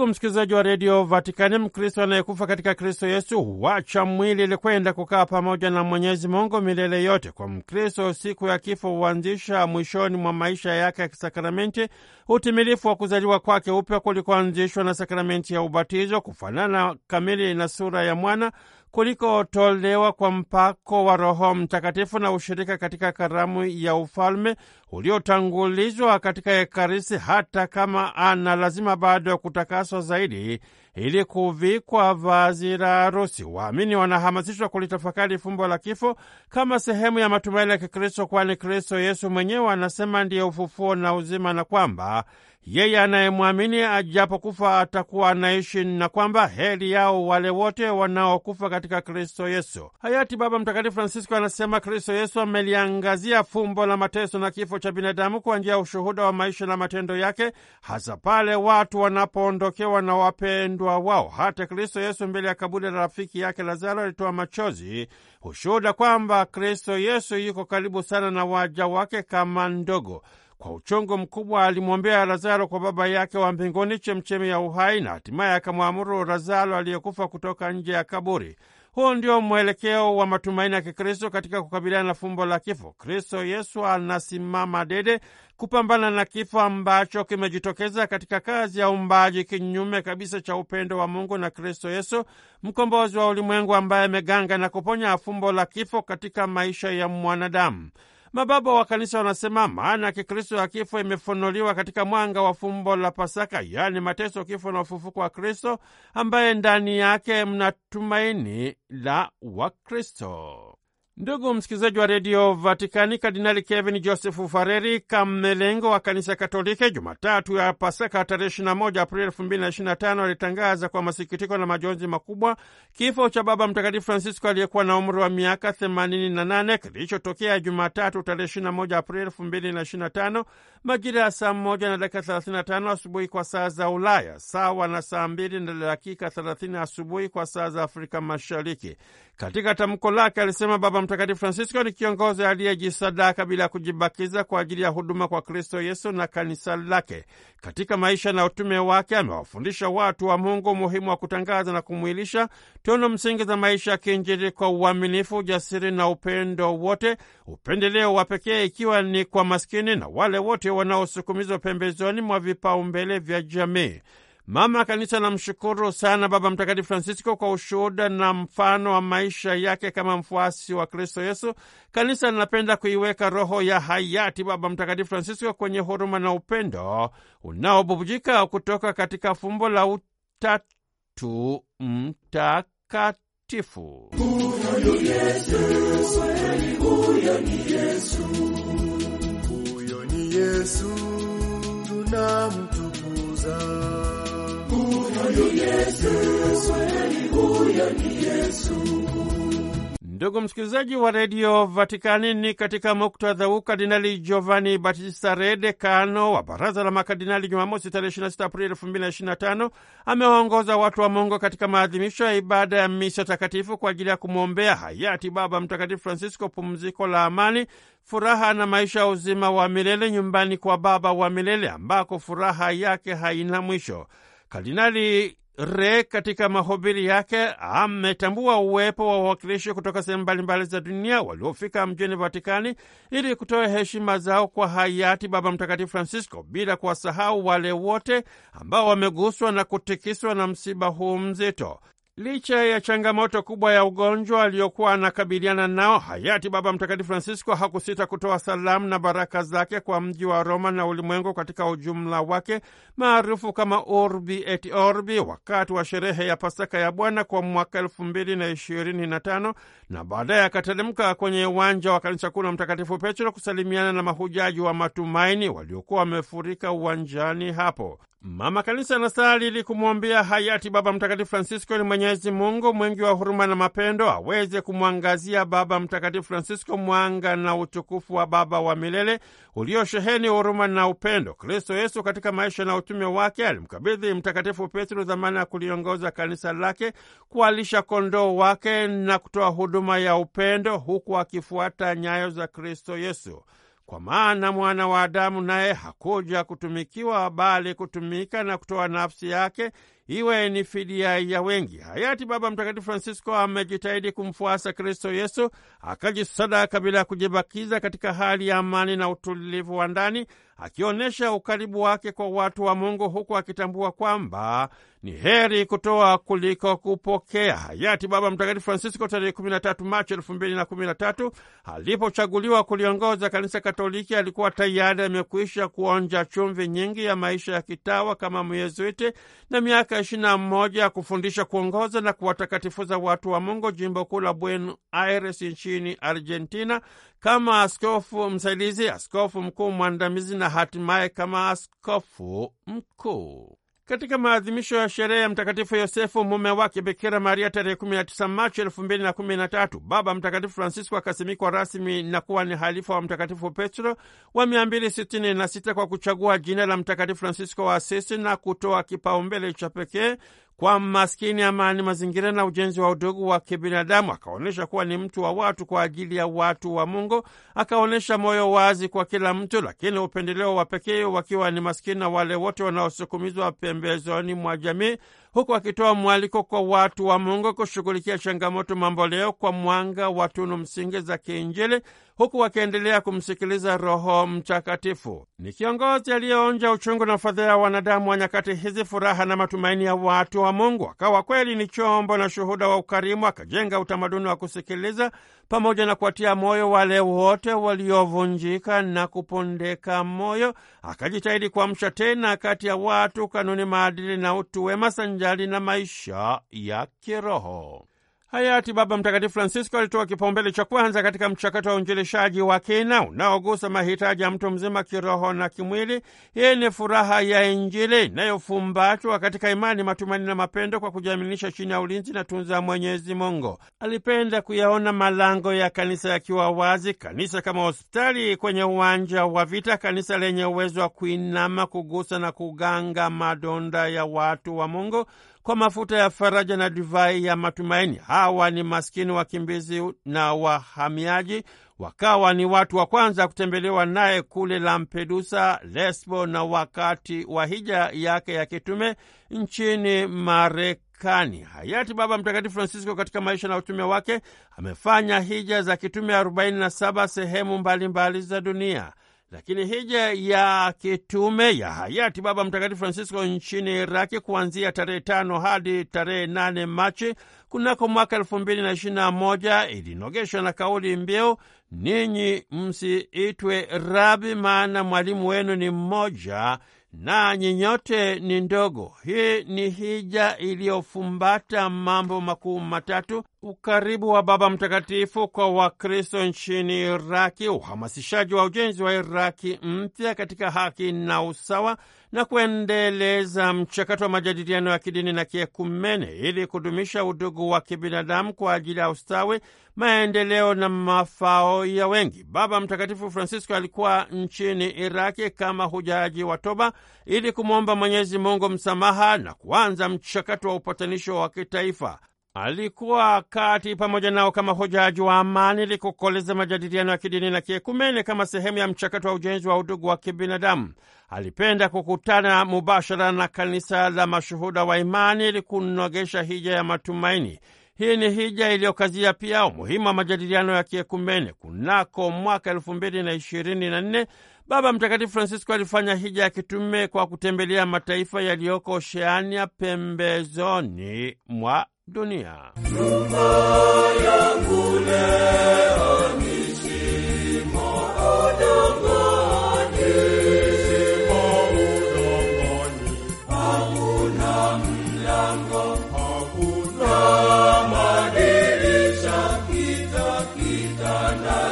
Ndugu msikilizaji wa redio Vatikani, Mkristo anayekufa katika Kristo Yesu huacha mwili ili kwenda kukaa pamoja na Mwenyezi Mungu milele yote. Kwa Mkristo, siku ya kifo huanzisha mwishoni mwa maisha yake ya kisakramenti utimilifu wa kuzaliwa kwake upya kulikoanzishwa na sakramenti ya ubatizo, kufanana kamili na sura ya mwana kulikotolewa kwa mpako wa Roho Mtakatifu na ushirika katika karamu ya ufalme uliotangulizwa katika Ekaristi, hata kama ana lazima bado ya kutakaswa zaidi ili kuvikwa vazi la harusi. Waamini wanahamasishwa kulitafakari fumbo la kifo kama sehemu ya matumaini ya Kikristo, kwani Kristo Yesu mwenyewe anasema ndiye ufufuo na uzima, na kwamba yeye anayemwamini ajapokufa atakuwa anaishi, na kwamba heri yao wale wote wanaokufa katika Kristo Yesu. Hayati Baba Mtakatifu Francisco anasema Kristo Yesu ameliangazia fumbo la mateso na kifo cha binadamu kwa njia ya ushuhuda wa maisha na matendo yake, hasa pale watu wanapoondokewa na wapendwa wao. Hata Kristo Yesu mbele ya kaburi la rafiki yake Lazaro alitoa machozi, hushuhuda kwamba Kristo Yesu yuko karibu sana na waja wake kama ndogo. Kwa uchungu mkubwa alimwombea Lazaro kwa baba yake wa mbinguni, chemchemi ya uhai, na hatimaye akamwamuru Lazaro aliyekufa kutoka nje ya kaburi. Huu ndio mwelekeo wa matumaini ya Kikristo katika kukabiliana na fumbo la kifo. Kristo Yesu anasimama dede kupambana na kifo ambacho kimejitokeza katika kazi ya umbaji kinyume kabisa cha upendo wa Mungu na Kristo Yesu mkombozi wa ulimwengu, ambaye ameganga na kuponya fumbo la kifo katika maisha ya mwanadamu. Mababa wa Kanisa wanasema maana ya Kikristo ya kifo imefunuliwa katika mwanga wa fumbo la Pasaka, yaani mateso, kifo na ufufuko wa Kristo, ambaye ndani yake mna tumaini la Wakristo. Ndugu msikilizaji wa redio Vatikani, Kardinali Kevin Joseph Fareri, kamelengo wa kanisa Katoliki, Jumatatu ya Pasaka tarehe 21 Aprili 2025 alitangaza kwa masikitiko na majonzi makubwa kifo cha Baba Mtakatifu Francisco aliyekuwa na umri wa miaka 88 kilichotokea Jumatatu tarehe 21 Aprili 2025 majira ya saa moja na dakika 35 asubuhi kwa saa za Ulaya, sawa na saa 2 na dakika 30 asubuhi kwa saa za Afrika Mashariki. Katika tamko lake alisema Baba Mtakatifu Francisco ni kiongozi aliyejisadaka bila kujibakiza kwa ajili ya huduma kwa Kristo Yesu na kanisa lake. Katika maisha na utume wake amewafundisha watu wa Mungu umuhimu wa kutangaza na kumwilisha tunu msingi za maisha ya kiinjili kwa uaminifu, ujasiri na upendo wote, upendeleo wa pekee ikiwa ni kwa maskini na wale wote wanaosukumizwa pembezoni mwa vipaumbele vya jamii. Mama Kanisa anamshukuru sana Baba Mtakatifu Francisco kwa ushuhuda na mfano wa maisha yake kama mfuasi wa Kristo Yesu. Kanisa linapenda kuiweka roho ya hayati Baba Mtakatifu Francisco kwenye huruma na upendo unaobubujika kutoka katika fumbo la Utatu Mtakatifu. Huyo ni Yesu Yesu, Ndugu msikilizaji wa redio Vatikani, ni katika muktadha huu Kardinali Giovanni Battista Re, dekano wa baraza la makardinali, Jumamosi tarehe 26 Aprili 2025 amewaongoza watu wa Mungu katika maadhimisho ya ibada ya misa takatifu kwa ajili ya kumwombea hayati Baba Mtakatifu Francisco pumziko la amani, furaha na maisha ya uzima wa milele nyumbani kwa Baba wa milele ambako furaha yake haina mwisho. Kardinali Re katika mahubiri yake ametambua uwepo wa wawakilishi kutoka sehemu mbalimbali za dunia waliofika mjini Vatikani ili kutoa heshima zao kwa hayati Baba Mtakatifu Francisco, bila kuwasahau wale wote ambao wameguswa na kutikiswa na msiba huu mzito. Licha ya changamoto kubwa ya ugonjwa aliyokuwa anakabiliana nao, hayati Baba Mtakatifu Francisco hakusita kutoa salamu na baraka zake kwa mji wa Roma na ulimwengu katika ujumla wake, maarufu kama Urbi et Orbi, wakati wa sherehe ya Pasaka ya Bwana kwa mwaka elfu mbili na ishirini na tano na baadaye akateremka kwenye uwanja wa kanisa kuu la Mtakatifu Petro kusalimiana na mahujaji wa matumaini waliokuwa wamefurika uwanjani hapo. Mama Kanisa anasali ili kumwambia hayati Baba Mtakatifu Francisco ni Mwenyezi Mungu mwingi wa huruma na mapendo aweze kumwangazia Baba Mtakatifu Francisco mwanga na utukufu wa Baba wa milele uliosheheni huruma na upendo. Kristo Yesu katika maisha na utume wake alimkabidhi Mtakatifu Petro dhamana ya kuliongoza kanisa lake, kualisha kondoo wake na kutoa huduma ya upendo, huku akifuata nyayo za Kristo Yesu. Kwa maana mwana wa Adamu naye hakuja kutumikiwa, bali kutumika na kutoa nafsi yake iwe ni fidia ya wengi. Hayati Baba Mtakatifu Francisco amejitahidi kumfuasa Kristo Yesu, akajisadaka bila ya kujibakiza, katika hali ya amani na utulivu wa ndani, akionyesha ukaribu wake kwa watu wa Mungu, huku akitambua kwamba ni heri kutoa kuliko kupokea. Hayati Baba Mtakatifu Francisco tarehe 13 Machi 2013 alipochaguliwa kuliongoza kanisa Katoliki, alikuwa tayari amekwisha kuonja chumvi nyingi ya maisha ya kitawa kama Myezuiti na miaka moja kufundisha, kuongoza na kuwatakatifuza watu wa Mungu, jimbo kuu la Buenos Aires nchini Argentina, kama askofu msaidizi, askofu mkuu mwandamizi na hatimaye kama askofu mkuu katika maadhimisho ya sherehe ya Mtakatifu Yosefu mume wake Bikira Maria tarehe 19 Machi 2013, Baba Mtakatifu Francisco akasimikwa rasmi na kuwa ni halifa wa Mtakatifu Petro wa 266 kwa kuchagua jina la Mtakatifu Francisco wa Asisi na kutoa kipaumbele cha pekee kwa maskini, amani mazingira na ujenzi wa udugu wa kibinadamu. Akaonyesha kuwa ni mtu wa watu kwa ajili ya watu wa Mungu. Akaonyesha moyo wazi kwa kila mtu, lakini upendeleo wa pekee wakiwa ni maskini na wale wote wanaosukumizwa pembezoni mwa jamii huku akitoa mwaliko kwa watu wa Mungu kushughulikia changamoto mamboleo kwa mwanga wa tunu msingi za kiinjili, huku wakiendelea kumsikiliza Roho Mtakatifu. Ni kiongozi aliyeonja uchungu na fadhaa ya wanadamu wa nyakati hizi, furaha na matumaini ya watu wa Mungu. Akawa kweli ni chombo na shuhuda wa ukarimu, akajenga utamaduni wa kusikiliza pamoja na kuwatia moyo wale wote waliovunjika na kupondeka moyo. Akajitahidi kuamsha tena kati ya watu kanuni, maadili na utu wema sanjali na maisha ya kiroho. Hayati Baba Mtakatifu Francisco alitoa kipaumbele cha kwanza katika mchakato wa uinjilishaji wa kina unaogusa mahitaji ya mtu mzima kiroho na kimwili. Hii ni furaha ya Injili inayofumbatwa katika imani, matumaini na mapendo, kwa kujiaminisha chini ya ulinzi na tunza Mwenyezi Mungu. Alipenda kuyaona malango ya kanisa yakiwa wazi, kanisa kama hospitali kwenye uwanja wa vita, kanisa lenye uwezo wa kuinama, kugusa na kuganga madonda ya watu wa Mungu kwa mafuta ya faraja na divai ya matumaini. Hawa ni maskini wakimbizi na wahamiaji, wakawa ni watu wa kwanza kutembelewa naye kule Lampedusa, Lesbo na wakati wa hija yake ya kitume nchini Marekani. Kani. Hayati Baba Mtakatifu Francisco katika maisha na utume wake amefanya hija za kitume 47 sehemu mbalimbali mbali za dunia. Lakini hija ya kitume ya hayati Baba Mtakatifu Francisco nchini Iraki kuanzia tarehe tano hadi tarehe nane Machi kunako mwaka elfu mbili na ishirini na moja ilinogeshwa na kauli mbiu ninyi msiitwe rabi, maana mwalimu wenu ni mmoja na nyinyote ni ndogo. Hii ni hija iliyofumbata mambo makuu matatu: ukaribu wa Baba Mtakatifu kwa Wakristo nchini Iraki, uhamasishaji wa ujenzi wa Iraki mpya katika haki na usawa na kuendeleza mchakato wa majadiliano ya kidini na kiekumene ili kudumisha udugu wa kibinadamu kwa ajili ya ustawi, maendeleo na mafao ya wengi. Baba Mtakatifu Francisco alikuwa nchini Iraki kama hujaji wa toba ili kumwomba Mwenyezi Mungu msamaha na kuanza mchakato wa upatanisho wa kitaifa alikuwa kati pamoja nao kama hojaji wa amani ili kukoleza majadiliano ya kidini na kiekumene kama sehemu ya mchakato wa ujenzi wa udugu wa kibinadamu. Alipenda kukutana mubashara na kanisa la mashuhuda wa imani ili kunogesha hija ya matumaini. Hii ni hija iliyokazia pia umuhimu wa majadiliano ya kiekumene. Kunako mwaka elfu mbili na ishirini na nne Baba Mtakatifu Francisco alifanya hija ya kitume kwa kutembelea mataifa yaliyoko Oceania, pembezoni mwa dunia. Kita, kita, kita,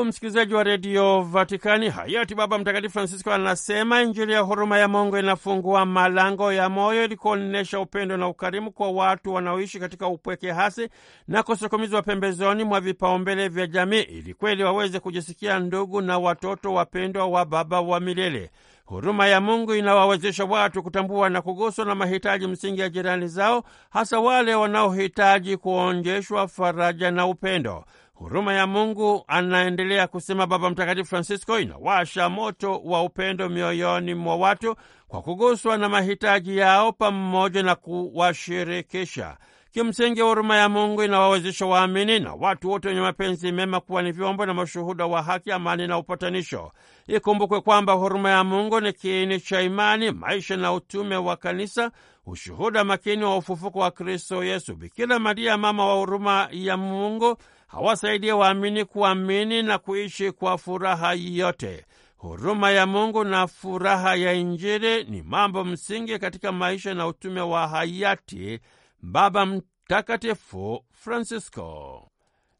Ndugu msikilizaji wa redio Vatikani, hayati Baba Mtakatifu Francisco anasema Injili ya huruma ya Mungu inafungua malango ya moyo ili kuonyesha upendo na ukarimu kwa watu wanaoishi katika upweke hasi na kusukumizwa pembezoni mwa vipaumbele vya jamii, ili kweli waweze kujisikia ndugu na watoto wapendwa wa Baba wa milele. Huruma ya Mungu inawawezesha watu kutambua na kuguswa na mahitaji msingi ya jirani zao, hasa wale wanaohitaji kuonjeshwa faraja na upendo. Huruma ya Mungu, anaendelea kusema Baba Mtakatifu Francisco, inawasha moto wa upendo mioyoni mwa watu kwa kuguswa na mahitaji yao pamoja na kuwashirikisha. Kimsingi, huruma ya Mungu inawawezesha waamini na watu wote wenye mapenzi mema kuwa ni vyombo na mashuhuda wa haki, amani na upatanisho. Ikumbukwe kwamba huruma ya Mungu ni kiini cha imani, maisha na utume wa Kanisa, ushuhuda makini wa ufufuko wa Kristo Yesu. Bikira Maria, mama wa huruma ya Mungu, hawasaidie waamini kuamini na kuishi kwa furaha yote. Huruma ya Mungu na furaha ya Injili ni mambo msingi katika maisha na utume wa hayati Baba Mtakatifu Francisco.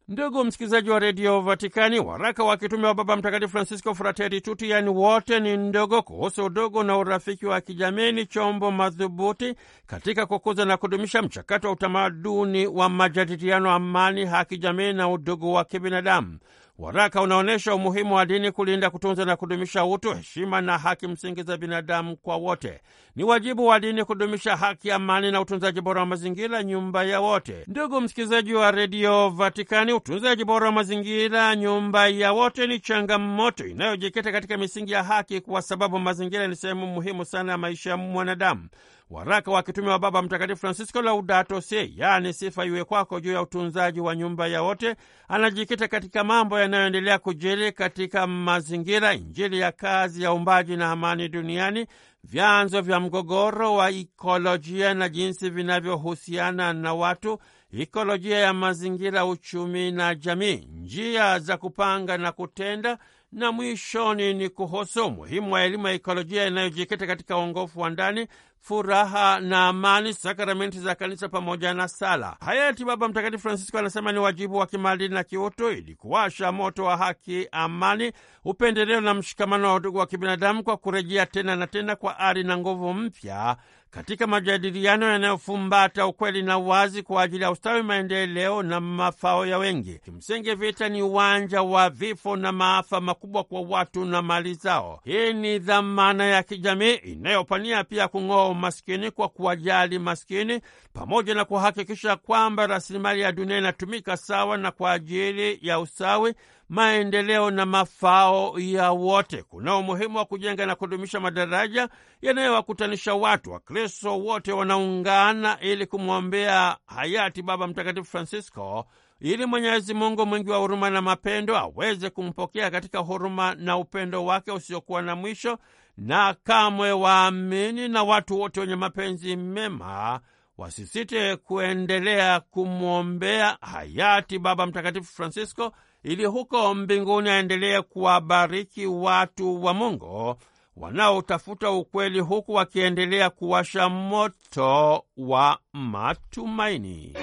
Ndugu msikilizaji wa redio Vatikani, waraka wa kitume wa Baba Mtakatifu Francisco Frateri tuti yaani wote ni ndogo, kuhusu udogo na urafiki wa kijamii ni chombo madhubuti katika kukuza na kudumisha mchakato wa utamaduni wa majadiliano, amani, haki jamii na udogo wa kibinadamu. Waraka unaonyesha umuhimu wa dini kulinda, kutunza na kudumisha utu, heshima na haki msingi za binadamu kwa wote. Ni wajibu wa dini kudumisha haki, amani na utunzaji bora wa mazingira, nyumba ya wote. Ndugu msikilizaji wa redio Vatikani, utunzaji bora wa mazingira, nyumba ya wote, ni changamoto inayojikita katika misingi ya haki, kwa sababu mazingira ni sehemu muhimu sana ya maisha ya mwanadamu. Waraka wa kitume wa Baba Mtakatifu Francisco Laudato Si, yaani sifa iwe kwako, juu ya utunzaji wa nyumba ya wote, anajikita katika mambo yanayoendelea kujiri katika mazingira, Injili ya kazi ya umbaji na amani duniani, vyanzo vya mgogoro wa ikolojia na jinsi vinavyohusiana na watu, ikolojia ya mazingira, uchumi na jamii, njia za kupanga na kutenda na mwishoni ni kuhusu umuhimu wa elimu ya ikolojia inayojikita katika uongofu wa ndani furaha na amani, sakramenti za kanisa pamoja na sala. Hayati Baba Mtakatifu Francisco anasema ni wajibu wa kimaadili na kiutu ili kuwasha moto wa haki, amani, upendeleo na mshikamano wa udugu wa kibinadamu kwa kurejea tena na tena kwa ari na nguvu mpya katika majadiliano yanayofumbata ukweli na uwazi kwa ajili ya ustawi, maendeleo na mafao ya wengi. Kimsingi, vita ni uwanja wa vifo na maafa makubwa kwa watu na mali zao. Hii ni dhamana ya kijamii inayopania pia kung'oa umaskini kwa kuwajali maskini pamoja na kuhakikisha kwamba rasilimali ya dunia inatumika sawa na kwa ajili ya usawi, maendeleo na mafao ya wote. Kuna umuhimu wa kujenga na kudumisha madaraja yanayowakutanisha watu. Wakristo wote wanaungana ili kumwombea hayati Baba Mtakatifu Francisco ili Mwenyezi Mungu mwingi wa huruma na mapendo aweze kumpokea katika huruma na upendo wake usiokuwa na mwisho, na kamwe waamini na watu wote wenye mapenzi mema wasisite kuendelea kumwombea hayati Baba Mtakatifu Francisco ili huko mbinguni aendelee kuwabariki watu wa Mungu wanaotafuta ukweli huku wakiendelea kuwasha moto wa matumaini.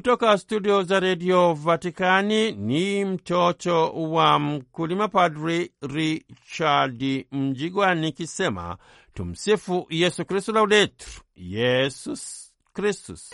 Kutoka studio za redio Vatikani ni mtoto wa mkulima, Padri Richard Mjigwa nikisema tumsifu Yesu Kristu, laudetur Yesus Kristus.